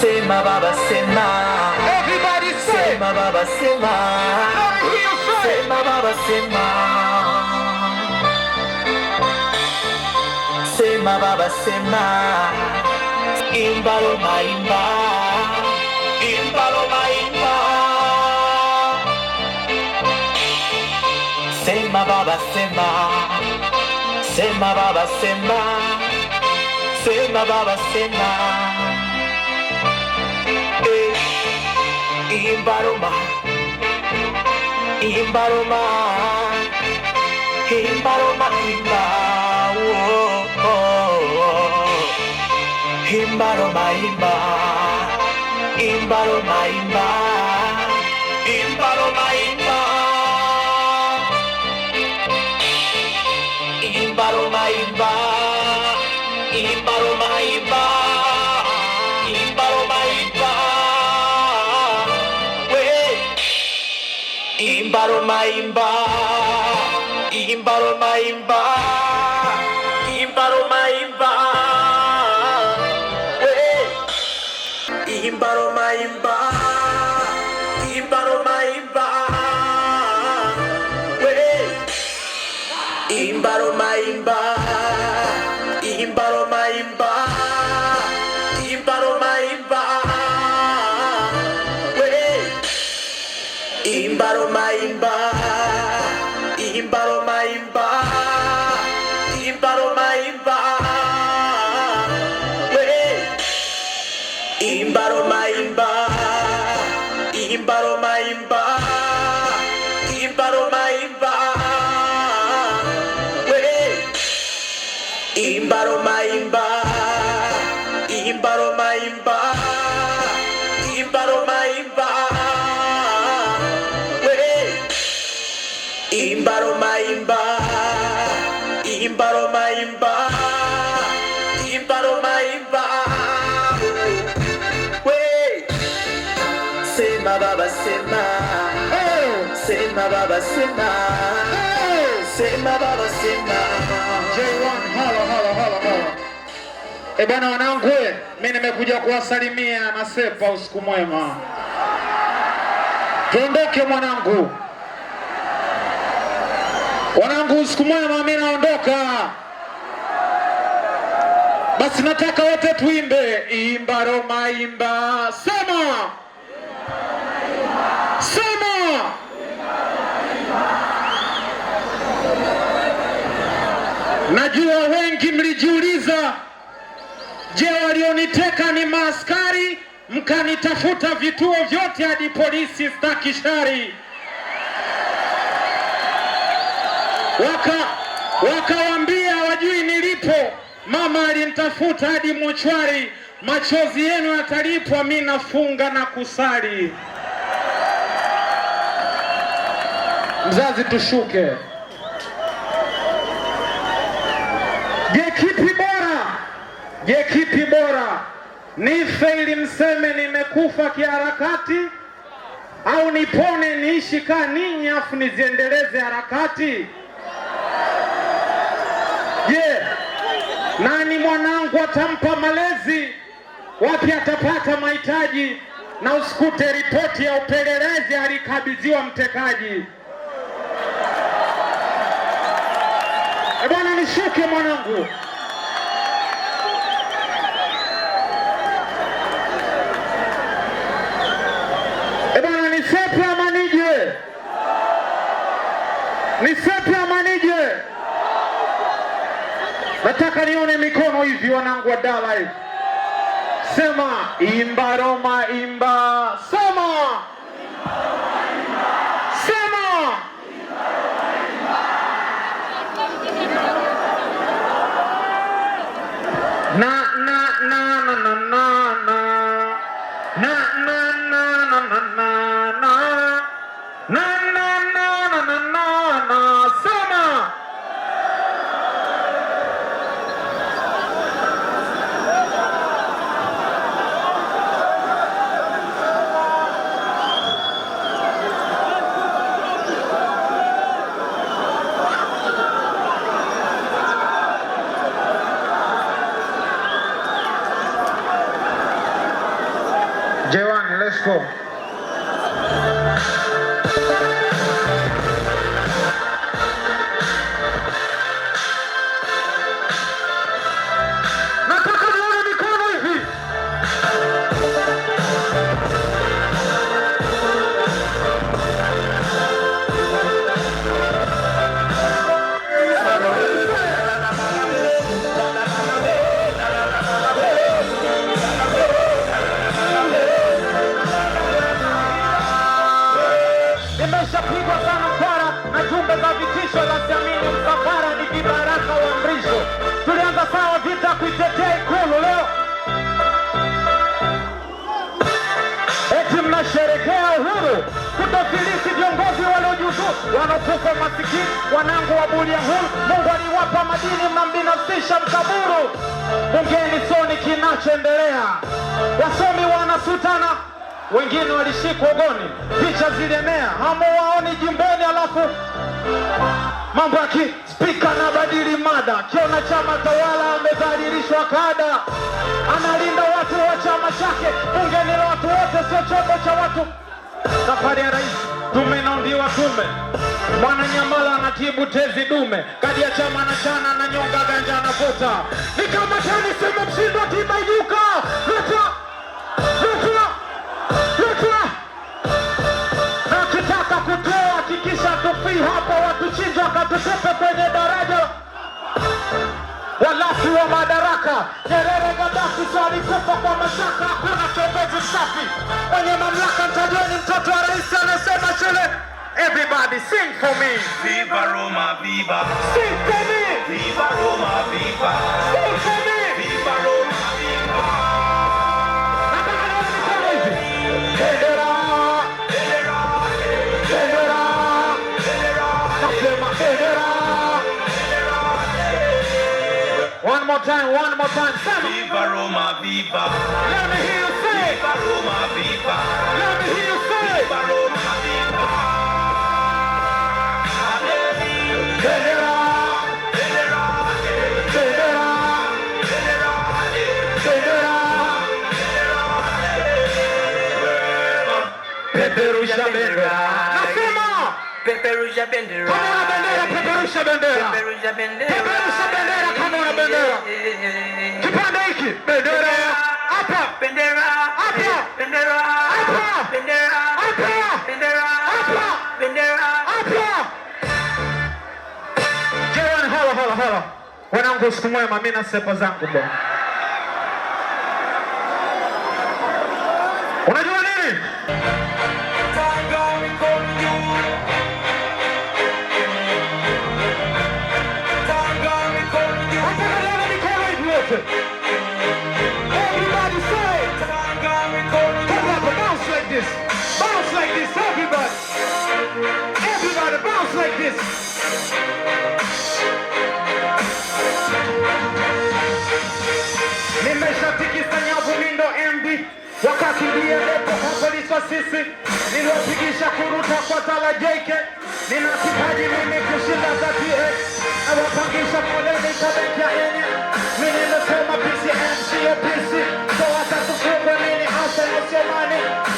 Say my Baba, say my. Everybody say, say my Baba, say my. Let say. Say my Baba, say my. Say my Baba, say my. Imba lo imba. Imba lo imba. Say my Baba, say my. Say my Baba, say my. Say my Baba, say my. ihimbaruma ihimbaruma himbaruma himba himbaruma himba himbaruma himba Iimbaron maimba Iimbaron maimba Iimbaron maimba Iimbaron maimba Imba, imba, imba, imba, imba, imba, imba, imba, imba, imba, imba, imba, imba, imba. Imba Roma imba, imba Roma imba, We sema baba sema, sema baba sema, sema baba sema. J1 hala hala hala hala. Eh, bwana wanangu, mimi nimekuja kuwasalimia Masepa, usiku mwema. Tuondoke mwanangu. Wanangu, siku moja mami naondoka, basi nataka wote tuimbe, imba Roma imba, sema sema Najua wengi mlijiuliza, je, walioniteka ni maaskari? Mkanitafuta vituo vyote hadi polisi, stakishari waka wakawambia wajui nilipo, mama alinitafuta hadi mochwari, machozi yenu yatalipwa, mi nafunga na kusali. Mzazi, tushuke. Je, bora? Je, bora? Nife ili mseme nimekufa kiharakati, au nipone niishi kaa ninyi afu niziendeleze harakati? Je, nani mwanangu atampa malezi? Wapi atapata mahitaji? Na usikute ripoti ya upelelezi alikabidhiwa mtekaji. E bwana, nishuke mwanangu. Nataka nione mikono hivi wanangu wa Dar Live. Sema imba Roma imba, sema Vasco. tumebeba vitisho la jamii msafara ni vibaraka wa mrisho. Tulianza sawa vita kuitetea Ikulu, leo eti mnasherekea uhuru, kutofilisi viongozi waliojuzu, wanaokufa masikini, wanangu wa Bulya huru, Mungu aliwapa madini, mnambinafsisha mkaburu. Bungeni soni kinachoendelea, wasomi wanasutana wengine walishikwa ugoni, picha zilemea, hamuwaoni jimboni, alafu mambo ya spika badili mada, akiona chama tawala amedhalilishwa kada, analinda watu wa chama chake. Bunge ni la watu wote, sio chombo cha watu. Safari ya rais tume tume. Bwana Nyamala anatibu tezi dume, kadi ya chama na nyonga ganja, anavuta ni kama tani, sema mshindwa tiba kwa mashaka, hakuna kiongozi safi. Mwenye mamlaka mtoto wa rais anasema shule. Everybody sing for me. Viva Roma, viva. Sing for me. Viva Roma, viva. Sing for me. more time, one more time. Seven. Viva Roma, viva. Let me hear you say. Viva Roma, viva. Let me hear you say. Viva Roma, viva. Hallelujah. Peperusha bendera. Nasema. Peperusha bendera. Peperusha bendera. Peperusha bendera. bendera. Peperusha bendera. bendera. Kipande hiki bendera. Hapa bendera. Hapa bendera. Hapa bendera. Hapa bendera. Hapa bendera. Hapa. Jewan hala hala hala. Wanangu siku mwema, mimi na sepa zangu bwana. Unajua nini? sisi niliwapigisha kuruta kwa tala JK, ninahitaji mimi kushinda ZTH, nawapangisha foleni kwa benki mimi nasema PCM sio PC, so watatukumba nini hasa yasemani